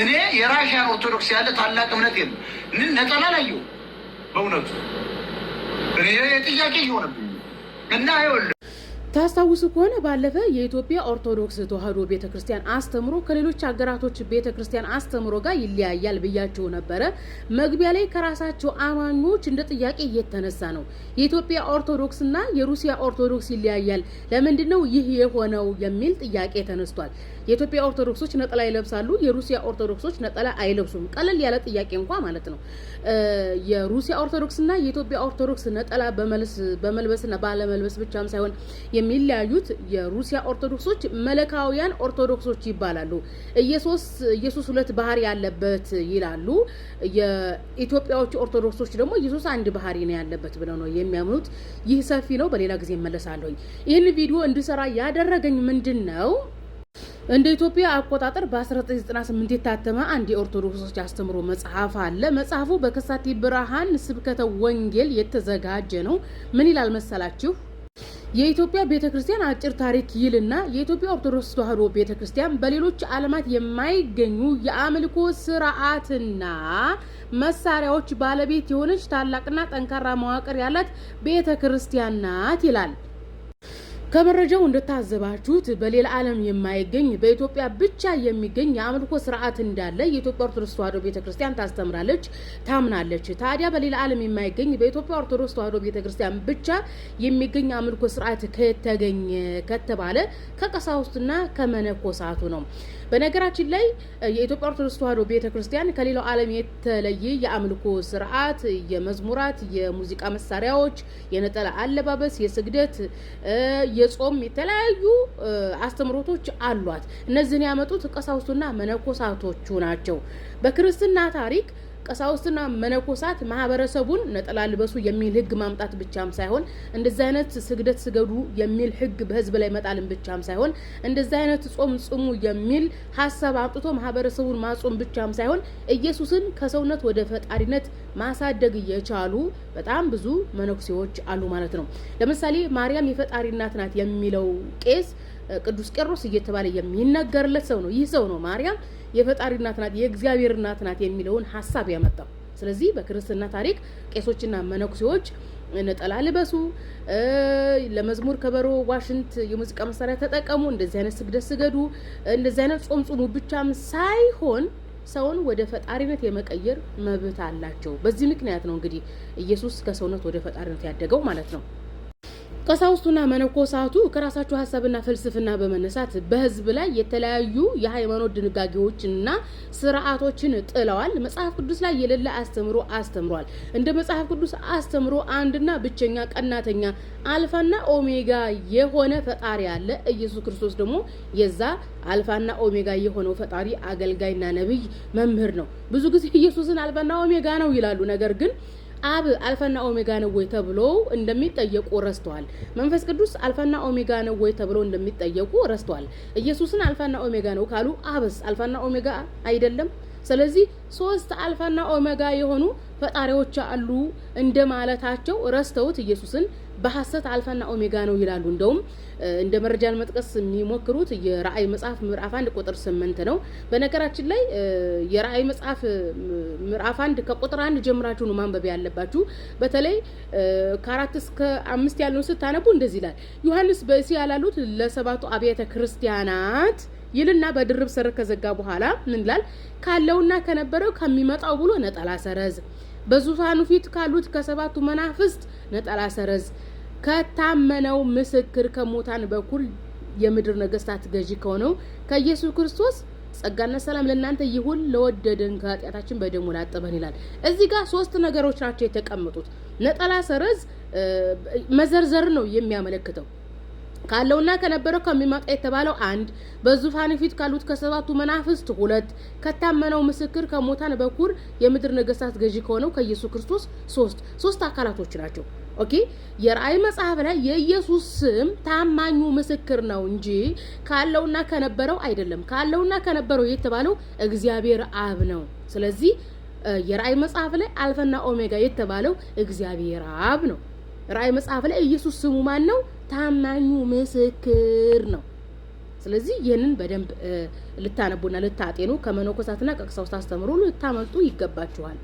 እኔ የራሽያን ኦርቶዶክስ ያለ ታላቅ እምነት የለም። ምን ነጠላ ላየሁ በእውነቱ እኔ ጥያቄ የሆነብኝ እና ይኸውልህ ታስታውሱ ከሆነ ባለፈ የኢትዮጵያ ኦርቶዶክስ ተዋሕዶ ቤተ ክርስቲያን አስተምሮ ከሌሎች ሀገራቶች ቤተ ክርስቲያን አስተምሮ ጋር ይለያያል ብያቸው ነበረ። መግቢያ ላይ ከራሳቸው አማኞች እንደ ጥያቄ እየተነሳ ነው። የኢትዮጵያ ኦርቶዶክስና የሩሲያ ኦርቶዶክስ ይለያያል፣ ለምንድን ነው ይህ የሆነው የሚል ጥያቄ ተነስቷል። የኢትዮጵያ ኦርቶዶክሶች ነጠላ ይለብሳሉ፣ የሩሲያ ኦርቶዶክሶች ነጠላ አይለብሱም። ቀለል ያለ ጥያቄ እንኳ ማለት ነው። የሩሲያ ኦርቶዶክስና የኢትዮጵያ ኦርቶዶክስ ነጠላ በመልበስና ባለመልበስ ብቻም ሳይሆን የሚለያዩት የሩሲያ ኦርቶዶክሶች መለካውያን ኦርቶዶክሶች ይባላሉ። ኢየሱስ ሁለት ባህሪ ያለበት ይላሉ። የኢትዮጵያዎቹ ኦርቶዶክሶች ደግሞ ኢየሱስ አንድ ባህሪ ነው ያለበት ብለው ነው የሚያምኑት። ይህ ሰፊ ነው። በሌላ ጊዜ እመለሳለሁኝ። ይህን ቪዲዮ እንድሰራ ያደረገኝ ምንድን ነው? እንደ ኢትዮጵያ አቆጣጠር በ1998 የታተመ አንድ የኦርቶዶክሶች አስተምሮ መጽሐፍ አለ። መጽሐፉ በከሳቴ ብርሃን ስብከተ ወንጌል የተዘጋጀ ነው። ምን ይላል መሰላችሁ? የኢትዮጵያ ቤተ ክርስቲያን አጭር ታሪክ ይልና የኢትዮጵያ ኦርቶዶክስ ተዋሕዶ ቤተ ክርስቲያን በሌሎች ዓለማት የማይገኙ የአምልኮ ስርዓትና መሳሪያዎች ባለቤት የሆነች ታላቅና ጠንካራ መዋቅር ያላት ቤተ ክርስቲያን ናት ይላል። ከመረጃው እንደታዘባችሁት በሌላ ዓለም የማይገኝ በኢትዮጵያ ብቻ የሚገኝ የአምልኮ ስርዓት እንዳለ የኢትዮጵያ ኦርቶዶክስ ተዋህዶ ቤተክርስቲያን ታስተምራለች፣ ታምናለች። ታዲያ በሌላ ዓለም የማይገኝ በኢትዮጵያ ኦርቶዶክስ ተዋህዶ ቤተክርስቲያን ብቻ የሚገኝ አምልኮ ስርዓት ከተገኘ ከተባለ ከቀሳውስትና ከመነኮሳቱ ነው። በነገራችን ላይ የኢትዮጵያ ኦርቶዶክስ ተዋሕዶ ቤተ ክርስቲያን ከሌላው ዓለም የተለየ የአምልኮ ስርዓት፣ የመዝሙራት፣ የሙዚቃ መሳሪያዎች፣ የነጠላ አለባበስ፣ የስግደት፣ የጾም የተለያዩ አስተምሮቶች አሏት። እነዚህን ያመጡት ቀሳውስቱና መነኮሳቶቹ ናቸው። በክርስትና ታሪክ ቀሳውስትና መነኮሳት ማህበረሰቡን ነጠላ ልበሱ የሚል ህግ ማምጣት ብቻም ሳይሆን እንደዚህ አይነት ስግደት ስገዱ የሚል ህግ በህዝብ ላይ መጣልን ብቻም ሳይሆን እንደዚህ አይነት ጾም ጽሙ የሚል ሀሳብ አምጥቶ ማህበረሰቡን ማጾም ብቻም ሳይሆን ኢየሱስን ከሰውነት ወደ ፈጣሪነት ማሳደግ የቻሉ በጣም ብዙ መነኩሴዎች አሉ ማለት ነው። ለምሳሌ ማርያም የፈጣሪ እናት ናት የሚለው ቄስ ቅዱስ ቄሮስ እየተባለ የሚነገርለት ሰው ነው። ይህ ሰው ነው ማርያም የፈጣሪ እናት ናት፣ የእግዚአብሔር እናት ናት የሚለውን ሀሳብ ያመጣው። ስለዚህ በክርስትና ታሪክ ቄሶችና መነኩሴዎች ነጠላ ልበሱ፣ ለመዝሙር ከበሮ፣ ዋሽንት፣ የሙዚቃ መሳሪያ ተጠቀሙ፣ እንደዚህ አይነት ስግደት ስገዱ፣ እንደዚህ አይነት ጾም ጾሙ ብቻም ሳይሆን ሰውን ወደ ፈጣሪነት የመቀየር መብት አላቸው። በዚህ ምክንያት ነው እንግዲህ ኢየሱስ ከሰውነት ወደ ፈጣሪነት ያደገው ማለት ነው። ቀሳውስቱና መነኮሳቱ ከራሳቸው ሀሳብና ፍልስፍና በመነሳት በህዝብ ላይ የተለያዩ የሃይማኖት ድንጋጌዎችንና ስርዓቶችን ጥለዋል። መጽሐፍ ቅዱስ ላይ የሌለ አስተምሮ አስተምሯል። እንደ መጽሐፍ ቅዱስ አስተምሮ አንድና ብቸኛ ቀናተኛ አልፋና ኦሜጋ የሆነ ፈጣሪ አለ። ኢየሱስ ክርስቶስ ደግሞ የዛ አልፋና ኦሜጋ የሆነው ፈጣሪ አገልጋይና ነቢይ መምህር ነው። ብዙ ጊዜ ኢየሱስን አልፋና ኦሜጋ ነው ይላሉ። ነገር ግን አብ አልፋና ኦሜጋ ነው ወይ ተብሎ እንደሚጠየቁ ረስተዋል። መንፈስ ቅዱስ አልፋና ኦሜጋ ነው ወይ ተብሎ እንደሚጠየቁ ረስተዋል። ኢየሱስን አልፋና ኦሜጋ ነው ካሉ አብስ አልፋና ኦሜጋ አይደለም? ስለዚህ ሶስት አልፋና ኦሜጋ የሆኑ ፈጣሪዎች አሉ እንደማለታቸው ረስተውት ኢየሱስን በሀሰት አልፋና ኦሜጋ ነው ይላሉ። እንደውም እንደ መረጃ ለመጥቀስ የሚሞክሩት የራእይ መጽሐፍ ምዕራፍ አንድ ቁጥር ስምንት ነው። በነገራችን ላይ የራእይ መጽሐፍ ምዕራፍ አንድ ከቁጥር አንድ ጀምራችሁ ነው ማንበብ ያለባችሁ። በተለይ ከአራት እስከ አምስት ያለውን ስታነቡ እንደዚህ ይላል። ዮሐንስ በእስያ ላሉት ለሰባቱ አብያተ ክርስቲያናት ይልና በድርብ ሰረዝ ከዘጋ በኋላ ምን ይላል? ካለውና ከነበረው ከሚመጣው ብሎ ነጠላ ሰረዝ በዙፋኑ ፊት ካሉት ከሰባቱ መናፍስት ነጠላ ሰረዝ ከታመነው ምስክር ከሙታን በኩል የምድር ነገስታት ገዢ ከሆነው ከኢየሱስ ክርስቶስ ጸጋና ሰላም ለእናንተ ይሁን ለወደደን ከኃጢአታችን በደሙ ላጠበን ይላል። እዚህ ጋር ሶስት ነገሮች ናቸው የተቀመጡት። ነጠላ ሰረዝ መዘርዘር ነው የሚያመለክተው። ካለውና ከነበረው ከሚመጣ የተባለው አንድ በዙፋን ፊት ካሉት ከሰባቱ መናፍስት ሁለት ከታመነው ምስክር ከሞታን በኩር የምድር ነገስታት ገዢ ከሆነው ከኢየሱስ ክርስቶስ ሶስት ሶስት አካላቶች ናቸው። ኦኬ የራእይ መጽሐፍ ላይ የኢየሱስ ስም ታማኙ ምስክር ነው እንጂ ካለውና ከነበረው አይደለም። ካለውና ከነበረው የተባለው እግዚአብሔር አብ ነው። ስለዚህ የራእይ መጽሐፍ ላይ አልፈና ኦሜጋ የተባለው እግዚአብሔር አብ ነው። ራእይ መጽሐፍ ላይ ኢየሱስ ስሙ ማን ነው? ታማኙ ምስክር ነው። ስለዚህ ይህንን በደንብ ልታነቡና ልታጤኑ ከመነኮሳትና ከቀሳውስት አስተምሮ ልታመልጡ ይገባችኋል።